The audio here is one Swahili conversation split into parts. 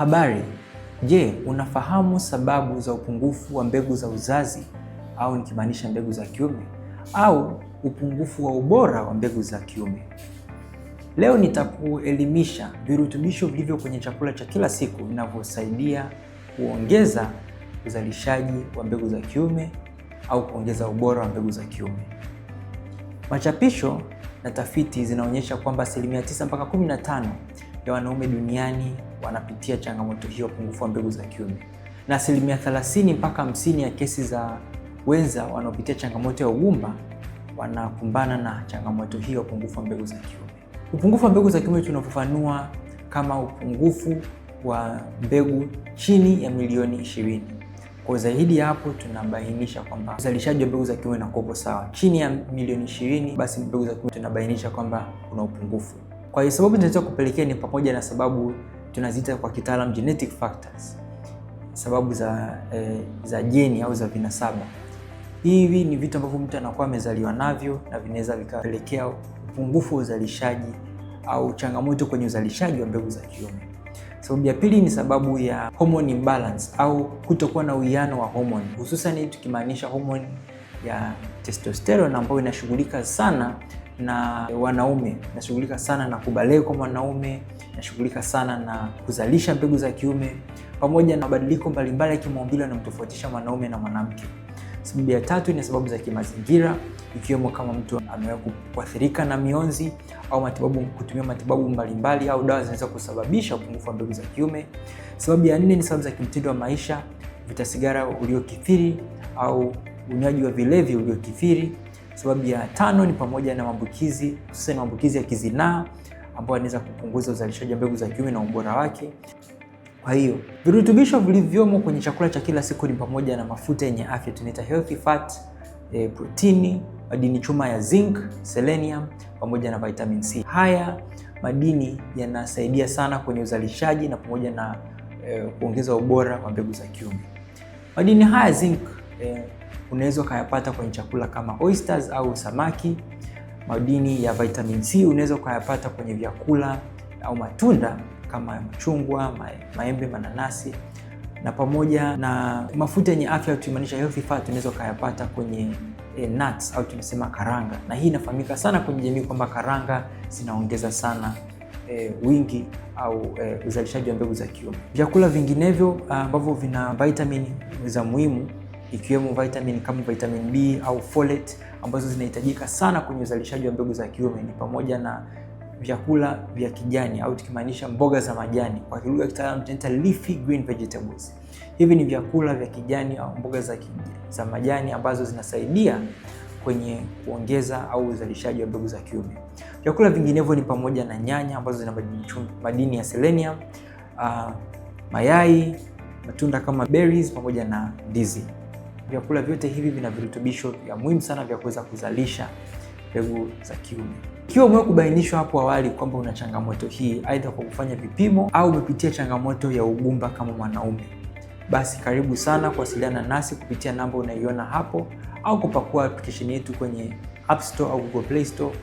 Habari. Je, unafahamu sababu za upungufu wa mbegu za uzazi au nikimaanisha mbegu za kiume au upungufu wa ubora wa mbegu za kiume? Leo nitakuelimisha virutubisho vilivyo kwenye chakula cha kila siku vinavyosaidia kuongeza uzalishaji wa mbegu za kiume au kuongeza ubora wa mbegu za kiume. Machapisho na tafiti zinaonyesha kwamba asilimia 9 mpaka 15 ya wanaume duniani wanapitia changamoto hiyo, upungufu wa mbegu za kiume, na asilimia 30 mpaka 50 ya kesi za wenza wanaopitia changamoto ya ugumba wanakumbana na changamoto hiyo, upungufu wa mbegu za kiume. Upungufu wa mbegu za kiume tunafafanua kama upungufu wa mbegu chini ya milioni ishirini. Kwa zaidi ya hapo, tunabainisha kwamba uzalishaji wa mbegu za kiume unakuwa sawa chini ya milioni ishirini, basi mbegu za kiume tunabainisha kwamba kuna upungufu. Kwa hiyo sababu zinaweza kupelekea ni pamoja na sababu tunaziita kwa kitaalam genetic factors, sababu za, e, za jeni au za vinasaba. Hivi ni vitu ambavyo mtu anakuwa amezaliwa navyo na vinaweza vikapelekea upungufu wa uzalishaji au changamoto kwenye uzalishaji wa mbegu za kiume. Sababu ya pili ni sababu ya hormone imbalance au kutokuwa na uwiano wa hormone, hususan tukimaanisha hormone ya testosterone ambayo inashughulika sana na wanaume, nashughulika sana na kubaleo kwa wanaume, nashughulika sana na kuzalisha mbegu za kiume pamoja na mabadiliko mbalimbali ya kimaumbile yanamtofautisha mwanaume na mwanamke. Sababu ya tatu ni sababu za kimazingira, ikiwemo kama mtu ameweza kuathirika na mionzi au matibabu, kutumia matibabu mbalimbali au dawa zinaweza kusababisha upungufu wa mbegu za kiume. Sababu ya nne ni sababu za kimtindo wa maisha, vuta sigara uliokithiri au unywaji wa vilevi uliokithiri. Sababu ya tano ni pamoja na maambukizi, hususan maambukizi ya kizinaa ambayo yanaweza kupunguza uzalishaji wa mbegu za kiume na ubora wake. Kwa hiyo virutubisho vilivyomo kwenye chakula cha kila siku ni pamoja na mafuta yenye afya tunaita healthy fat, e, protini, madini chuma ya zinc, selenium pamoja na vitamin C. Haya madini yanasaidia sana kwenye uzalishaji na pamoja na e, kuongeza ubora wa mbegu za kiume. Madini haya zinc eh, unaweza ukayapata kwenye chakula kama oysters au samaki. Madini ya vitamin C unaweza ukayapata kwenye vyakula au matunda kama machungwa, maembe, mananasi na pamoja na mafuta yenye afya tuimaanisha healthy fat unaweza ukayapata kwenye e, nuts au tunasema karanga, na hii inafahamika sana kwenye jamii kwamba karanga zinaongeza sana e, wingi au e, uzalishaji wa mbegu za kiume. Vyakula vinginevyo ah, ambavyo vina vitamini za muhimu ikiwemo vitamin kama vitamin B au folate ambazo zinahitajika sana kwenye uzalishaji wa mbegu za kiume ni pamoja na vyakula vya kijani au tukimaanisha mboga za majani, kwa lugha ya kitaalamu tunaita leafy green vegetables. Hivi ni vyakula vya kijani au mboga za, kijani, za majani ambazo zinasaidia kwenye kuongeza au uzalishaji wa mbegu za kiume. Vyakula vinginevyo ni pamoja na nyanya ambazo zina madini ya selenium, uh, mayai, matunda kama berries pamoja na ndizi. Vyakula vyote hivi vina virutubisho vya muhimu sana vya kuweza kuzalisha mbegu za kiume. Ikiwa umewahi kubainishwa hapo awali kwamba una changamoto hii, aidha kwa kufanya vipimo au umepitia changamoto ya ugumba kama mwanaume, basi karibu sana kuwasiliana nasi kupitia namba unaiona hapo au kupakua application yetu kwenye App Store au Google Play Store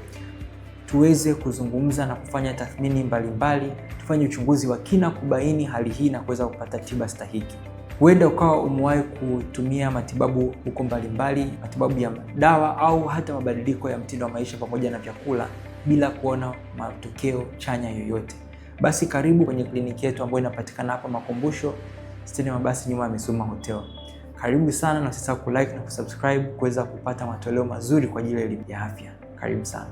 tuweze kuzungumza na kufanya tathmini mbalimbali mbali, tufanye uchunguzi wa kina kubaini hali hii na kuweza kupata tiba stahiki. Huenda ukawa umewahi kutumia matibabu huko mbalimbali, matibabu ya dawa au hata mabadiliko ya mtindo wa maisha pamoja na vyakula bila kuona matokeo chanya yoyote. Basi karibu kwenye kliniki yetu ambayo inapatikana hapa Makumbusho, stendi mabasi nyuma ya Misuma Hotel. Karibu sana na usisahau kulike na kusubscribe kuweza kupata matoleo mazuri kwa ajili ya elimu ya afya. Karibu sana.